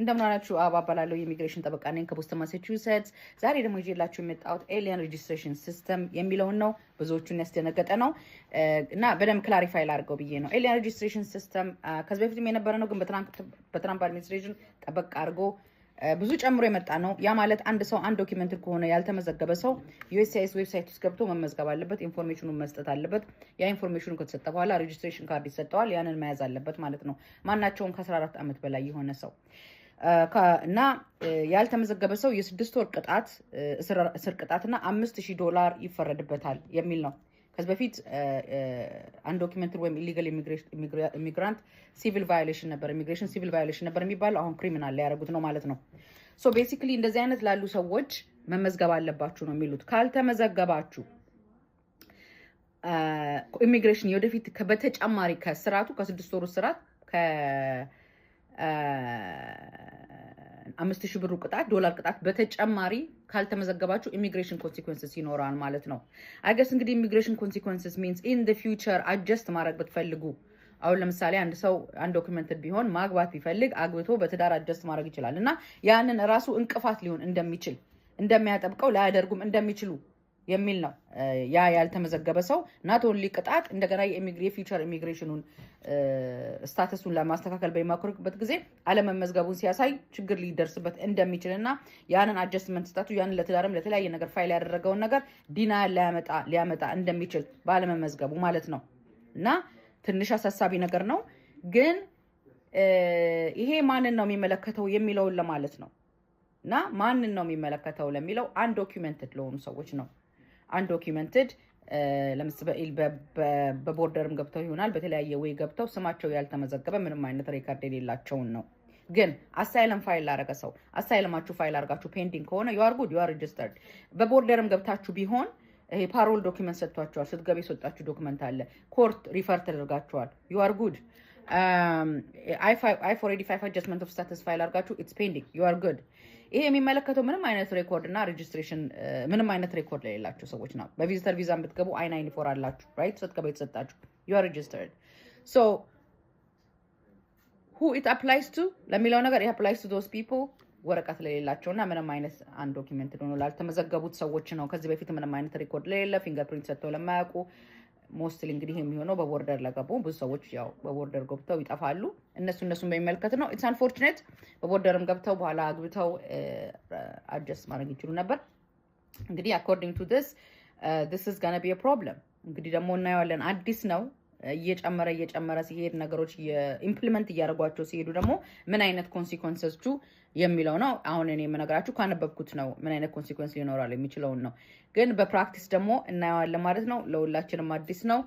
እንደምን አላችሁ? አበባ የኢሚግሬሽን ጠበቃ ነኝ ከቦስተን ማሳቹሴትስ። ዛሬ ደግሞ ይዤላችሁ የመጣሁት ኤሊያን ሬጂስትሬሽን ሲስተም የሚለውን ነው። ብዙዎቹን ያስደነገጠ ነው እና በደንብ ክላሪፋይ ላድርገው ብዬ ነው። ኤሊያን ሬጂስትሬሽን ሲስተም ከዚህ በፊትም የነበረ ነው፣ ግን በትራምፕ አድሚኒስትሬሽን ጠበቅ አድርጎ ብዙ ጨምሮ የመጣ ነው። ያ ማለት አንድ ሰው አንድ ዶኪመንት ከሆነ ያልተመዘገበ ሰው ዩኤስሲአይኤስ ዌብሳይት ውስጥ ገብቶ መመዝገብ አለበት። ኢንፎርሜሽኑ መስጠት አለበት። ያ ኢንፎርሜሽኑ ከተሰጠ በኋላ ሬጅስትሬሽን ካርድ ይሰጠዋል። ያንን መያዝ አለበት ማለት ነው። ማናቸውም ከ14 ዓመት በላይ የሆነ ሰው እና ያልተመዘገበ ሰው የስድስት ወር ቅጣት እስር ቅጣትና አምስት ሺህ ዶላር ይፈረድበታል የሚል ነው። ከዚህ በፊት አንዶኪመንትድ ወይም ኢሊጋል ኢሚግራንት ሲቪል ቫዮሌሽን ነበር ኢሚግሬሽን ሲቪል ቫዮሌሽን ነበር የሚባለው። አሁን ክሪሚናል ሊያደርጉት ነው ማለት ነው። ሶ ቤሲክሊ እንደዚህ አይነት ላሉ ሰዎች መመዝገብ አለባችሁ ነው የሚሉት። ካልተመዘገባችሁ ኢሚግሬሽን የወደፊት በተጨማሪ ከስርዓቱ ከስድስት ወሩ ስርዓት አምስት ሺህ ብሩ ቅጣት ዶላር ቅጣት በተጨማሪ ካልተመዘገባችሁ ኢሚግሬሽን ኮንሲኮንስስ ይኖረዋል ማለት ነው። አይገስ እንግዲህ ኢሚግሬሽን ኮንሲኮንስስ ሚንስ ኢን ፊውቸር አጀስት ማድረግ ብትፈልጉ አሁን ለምሳሌ አንድ ሰው አንድ ዶክመንትድ ቢሆን ማግባት ቢፈልግ አግብቶ በትዳር አጀስት ማድረግ ይችላል እና ያንን ራሱ እንቅፋት ሊሆን እንደሚችል እንደሚያጠብቀው ላያደርጉም እንደሚችሉ የሚል ነው። ያ ያልተመዘገበ ሰው ናቶን ሊቅጣት እንደገና የፊውቸር ኢሚግሬሽኑን ስታተሱን ለማስተካከል በሚሞክርበት ጊዜ አለመመዝገቡን ሲያሳይ ችግር ሊደርስበት እንደሚችል እና ያንን አጀስትመንት ስታቱ ያንን ለትዳርም ለተለያየ ነገር ፋይል ያደረገውን ነገር ዲና ሊያመጣ እንደሚችል ባለመመዝገቡ ማለት ነው እና ትንሽ አሳሳቢ ነገር ነው ግን ይሄ ማንን ነው የሚመለከተው የሚለውን ለማለት ነው እና ማንን ነው የሚመለከተው ለሚለው ዶኪመንትድ ለሆኑ ሰዎች ነው። አንዶኪመንትድ በቦርደርም ገብተው ይሆናል በተለያየ ወይ ገብተው ስማቸው ያልተመዘገበ ምንም አይነት ሬከርድ የሌላቸውን ነው። ግን አሳይለም ፋይል ላረገ ሰው አሳይለማችሁ ፋይል አርጋችሁ ፔንዲንግ ከሆነ ዩአር ጉድ ዩአር ሬጅስተርድ። በቦርደርም ገብታችሁ ቢሆን ይሄ ፓሮል ዶኪመንት ሰጥቷቸዋል። ስትገቢ የሰጣችሁ ዶክመንት አለ። ኮርት ሪፈር ተደርጋችኋል። ዩአር ጉድ አይ ፎር ኤዲ ፋይቭ አጀስትመንት ኦፍ ስታትስ ፋይል አርጋችሁ ኢትስ ፔንዲንግ ዩአር ጉድ ይሄ የሚመለከተው ምንም አይነት ሬኮርድ እና ሬጅስትሬሽን ምንም አይነት ሬኮርድ ለሌላቸው ሰዎች ነው። በቪዚተር ቪዛ ብትገቡ አይ ናይን ፎር አላችሁ ራይት ስትገባ የተሰጣችሁ ዩ አር ሬጅስተርድ ሶ ሁ ኢት አፕላይስ ቱ ለሚለው ነገር አፕላይስ ቱ ዶስ ፒፕል ወረቀት ለሌላቸው እና ምንም አይነት አንድ ዶኪመንት ላልተመዘገቡት ሰዎች ነው። ከዚህ በፊት ምንም አይነት ሪኮርድ ለሌለ ፊንገርፕሪንት ሰጥተው ለማያውቁ ሞስትሊ እንግዲህ የሚሆነው በቦርደር ለገቡ ብዙ ሰዎች ያው በቦርደር ገብተው ይጠፋሉ። እነሱ እነሱን በሚመለከት ነው። ኢትስ አንፎርችኔት በቦርደርም ገብተው በኋላ አግብተው አጀስት ማድረግ ይችሉ ነበር። እንግዲህ አኮርዲንግ ቱ ስ ስ ስ ጋነ ቢ ፕሮብለም እንግዲህ ደግሞ እናየዋለን። አዲስ ነው። እየጨመረ እየጨመረ ሲሄድ ነገሮች ኢምፕሊመንት እያደረጓቸው ሲሄዱ ደግሞ ምን አይነት ኮንሲኮንሰስቹ የሚለው ነው። አሁን እኔ የምነግራችሁ ካነበብኩት ነው። ምን አይነት ኮንሲኩዌንስ ሊኖራል የሚችለውን ነው። ግን በፕራክቲስ ደግሞ እናየዋለን ማለት ነው። ለሁላችንም አዲስ ነው።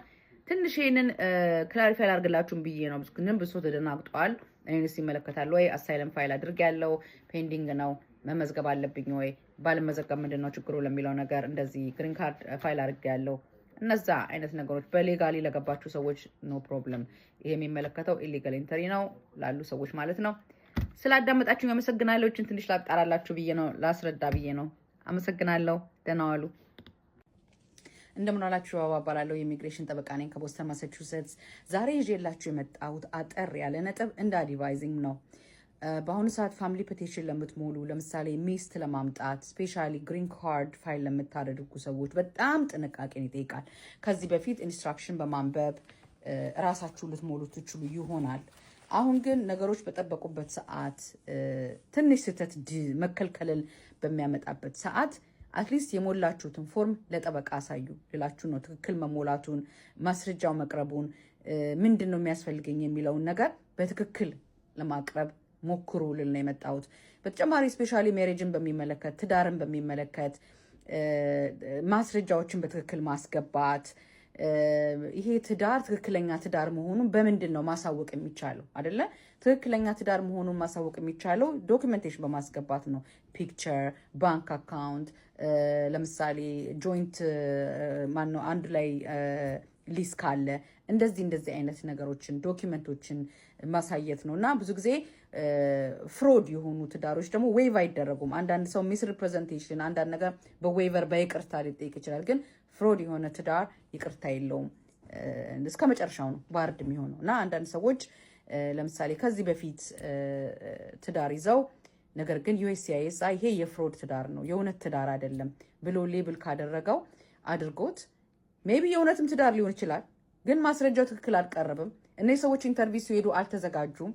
ትንሽ ይህንን ክላሪፋይ ላርግላችሁን ብዬ ነው። ግን ብሶ ተደናግጧል። እኔንስ ይመለከታል ወይ? አሳይለም ፋይል አድርግ ያለው ፔንዲንግ ነው መመዝገብ አለብኝ ወይ ባልመዘገብ ምንድን ነው ችግሩ ለሚለው ነገር እንደዚህ ግሪን ካርድ ፋይል አድርግ ያለው እነዛ አይነት ነገሮች በሌጋሊ ለገባችሁ ሰዎች ኖ ፕሮብለም። ይሄ የሚመለከተው ኢሊጋል ኢንተሪ ነው ላሉ ሰዎች ማለት ነው። ስላዳመጣችሁ አመሰግናለሁ። እችን ትንሽ ላጣራላችሁ ብዬ ነው ላስረዳ ብዬ ነው። አመሰግናለሁ። ደህና ዋሉ። እንደምን ዋላችሁ። አበባ የኢሚግሬሽን ጠበቃ ነኝ ከቦስተን ማሳቹሴትስ። ዛሬ ይዤላችሁ የመጣሁት አጠር ያለ ነጥብ እንደ አድቫይዚንግ ነው። በአሁኑ ሰዓት ፋሚሊ ፔቴሽን ለምትሞሉ ለምሳሌ ሚስት ለማምጣት ስፔሻሊ ግሪን ካርድ ፋይል ለምታደርጉ ሰዎች በጣም ጥንቃቄን ይጠይቃል። ከዚህ በፊት ኢንስትራክሽን በማንበብ እራሳችሁ ልትሞሉ ትችሉ ይሆናል። አሁን ግን ነገሮች በጠበቁበት ሰዓት ትንሽ ስህተት መከልከልን በሚያመጣበት ሰዓት አትሊስት የሞላችሁትን ፎርም ለጠበቃ አሳዩ ልላችሁ ነው። ትክክል መሞላቱን ማስረጃው መቅረቡን ምንድን ነው የሚያስፈልገኝ የሚለውን ነገር በትክክል ለማቅረብ ሞክሩ ልል ነው የመጣሁት። በተጨማሪ ስፔሻሊ ሜሬጅን በሚመለከት ትዳርን በሚመለከት ማስረጃዎችን በትክክል ማስገባት ይሄ ትዳር ትክክለኛ ትዳር መሆኑን በምንድን ነው ማሳወቅ የሚቻለው? አደለ? ትክክለኛ ትዳር መሆኑን ማሳወቅ የሚቻለው ዶክመንቴሽን በማስገባት ነው። ፒክቸር፣ ባንክ አካውንት፣ ለምሳሌ ጆይንት ማነው አንድ ላይ ሊስ ካለ እንደዚህ እንደዚህ አይነት ነገሮችን ዶኪመንቶችን ማሳየት ነው። እና ብዙ ጊዜ ፍሮድ የሆኑ ትዳሮች ደግሞ ዌይቭ አይደረጉም። አንዳንድ ሰው ሚስ ሪፕሬዘንቴሽን፣ አንዳንድ ነገር በዌይቨር በይቅርታ ሊጠይቅ ይችላል ግን ፍሮድ የሆነ ትዳር ይቅርታ የለውም እስከ መጨረሻው ነው ባርድ የሚሆነው እና አንዳንድ ሰዎች ለምሳሌ ከዚህ በፊት ትዳር ይዘው ነገር ግን ዩኤስሲአይኤስ ይሄ የፍሮድ ትዳር ነው የእውነት ትዳር አይደለም ብሎ ሌብል ካደረገው አድርጎት ሜቢ የእውነትም ትዳር ሊሆን ይችላል፣ ግን ማስረጃው ትክክል አልቀረብም። እነዚህ ሰዎች ኢንተርቪው ሲሄዱ አልተዘጋጁም።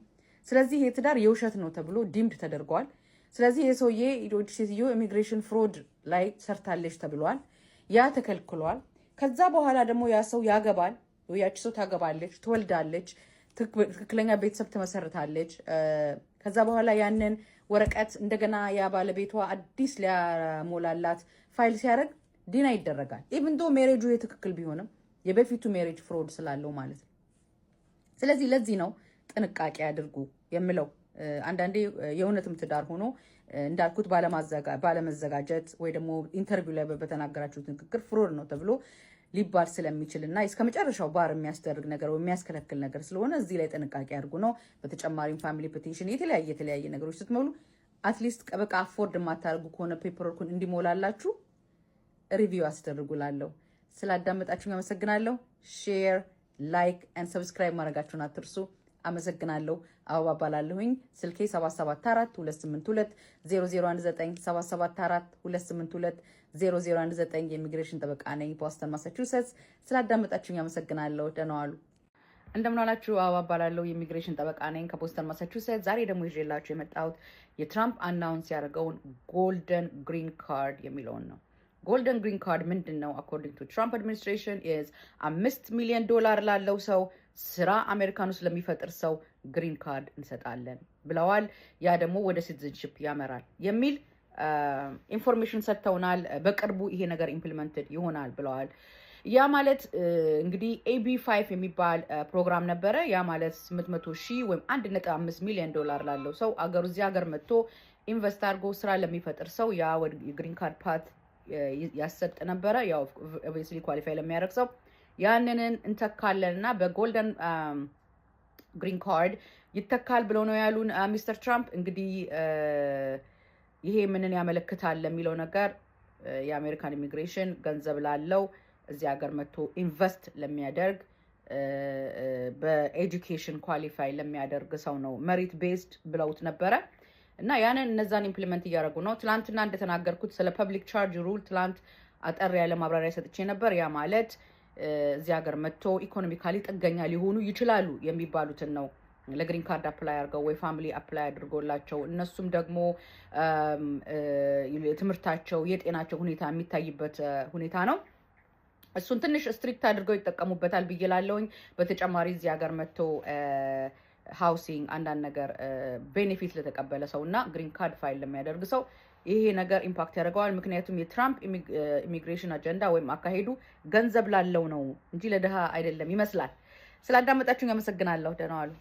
ስለዚህ ይሄ ትዳር የውሸት ነው ተብሎ ዲምድ ተደርጓል። ስለዚህ ይህ ሰውዬ ሴትዮ ኢሚግሬሽን ፍሮድ ላይ ሰርታለች ተብሏል። ያ ተከልክሏል። ከዛ በኋላ ደግሞ ያ ሰው ያገባል፣ ያቺ ሰው ታገባለች፣ ትወልዳለች፣ ትክክለኛ ቤተሰብ ትመሰርታለች። ከዛ በኋላ ያንን ወረቀት እንደገና ያ ባለቤቷ አዲስ ሊያሞላላት ፋይል ሲያደርግ ዲና ይደረጋል። ኢቭን ዶ ሜሬጁ የትክክል ቢሆንም የበፊቱ ሜሬጅ ፍሮድ ስላለው ማለት ነው። ስለዚህ ለዚህ ነው ጥንቃቄ አድርጉ የምለው። አንዳንዴ የእውነትም ትዳር ሆኖ እንዳልኩት ባለመዘጋጀት ወይ ደግሞ ኢንተርቪው ላይ በተናገራችሁት ንግግር ፍሮድ ነው ተብሎ ሊባል ስለሚችል እና እስከ መጨረሻው ባር የሚያስደርግ ነገር ወይ የሚያስከለክል ነገር ስለሆነ እዚህ ላይ ጥንቃቄ አድርጉ ነው። በተጨማሪም ፋሚሊ ፔቲሽን፣ የተለያየ የተለያየ ነገሮች ስትሞሉ አትሊስት ቀበቃ አፎርድ የማታደርጉ ከሆነ ፔፐርወርኩን እንዲሞላላችሁ ሪቪው አስደርጉላለሁ። ስላዳመጣችሁ አመሰግናለሁ። ሼር ላይክ፣ ን ሰብስክራይብ ማድረጋችሁን አትርሱ። አመሰግናለሁ። አበባ ባላለሁኝ ስልኬ 7742820019774 2820019 የኢሚግሬሽን ጠበቃ ነኝ ቦስተን ማሳቹሴትስ። ስላዳመጣችሁኝ አመሰግናለሁ። ደህና ዋሉ። እንደምናላችሁ አበባ ባላለው የኢሚግሬሽን ጠበቃ ነኝ ከቦስተን ማሳቹሴት። ዛሬ ደግሞ ይዤላችሁ የመጣሁት የትራምፕ አናውንስ ያደርገውን ጎልደን ግሪን ካርድ የሚለውን ነው። ጎልደን ግሪን ካርድ ምንድን ነው? አኮርዲንግ ቱ ትራምፕ አድሚኒስትሬሽን ኢዝ አምስት ሚሊዮን ዶላር ላለው ሰው ስራ አሜሪካን ውስጥ ለሚፈጥር ሰው ግሪን ካርድ እንሰጣለን ብለዋል። ያ ደግሞ ወደ ሲቲዝንሽፕ ያመራል የሚል ኢንፎርሜሽን ሰጥተውናል። በቅርቡ ይሄ ነገር ኢምፕሊመንትድ ይሆናል ብለዋል። ያ ማለት እንግዲህ ኤቢ ፋይቭ የሚባል ፕሮግራም ነበረ። ያ ማለት ስምንት መቶ ሺህ ወይም አንድ አምስት ሚሊዮን ዶላር ላለው ሰው አገሩ እዚህ ሀገር መጥቶ ኢንቨስት አድርጎ ስራ ለሚፈጥር ሰው ያ ግሪን ካርድ ፓት ያሰጥ ነበረ። ያው ኦብቪየስሊ ኳሊፋይ ለሚያደርግ ሰው ያንንን እንተካለን በጎልደን ግሪን ካርድ ይተካል ብለው ነው ያሉን ሚስተር ትራምፕ። እንግዲህ ይሄ ምንን ያመለክታል ለሚለው ነገር የአሜሪካን ኢሚግሬሽን ገንዘብ ላለው እዚህ ሀገር መጥቶ ኢንቨስት ለሚያደርግ በኤጁኬሽን ኳሊፋይ ለሚያደርግ ሰው ነው መሪት ቤዝድ ብለውት ነበረ እና ያንን እነዛን ኢምፕሊመንት እያደረጉ ነው። ትላንትና እንደተናገርኩት ስለ ፐብሊክ ቻርጅ ሩል ትላንት አጠር ያለ ማብራሪያ ሰጥቼ ነበር። ያ ማለት እዚህ ሀገር መጥቶ ኢኮኖሚካሊ ጥገኛ ሊሆኑ ይችላሉ የሚባሉትን ነው ለግሪን ካርድ አፕላይ አድርገው ወይ ፋሚሊ አፕላይ አድርጎላቸው እነሱም ደግሞ ትምህርታቸው፣ የጤናቸው ሁኔታ የሚታይበት ሁኔታ ነው። እሱን ትንሽ ስትሪክት አድርገው ይጠቀሙበታል ብዬ በተጨማሪ እዚህ ሀገር መጥቶ ሃውሲንግ አንዳንድ ነገር ቤኔፊት ለተቀበለ ሰው እና ግሪን ካርድ ፋይል ለሚያደርግ ሰው ይሄ ነገር ኢምፓክት ያደርገዋል። ምክንያቱም የትራምፕ ኢሚግሬሽን አጀንዳ ወይም አካሄዱ ገንዘብ ላለው ነው እንጂ ለድሃ አይደለም ይመስላል። ስላዳመጣችሁን ያመሰግናለሁ። ደህና ዋሉ።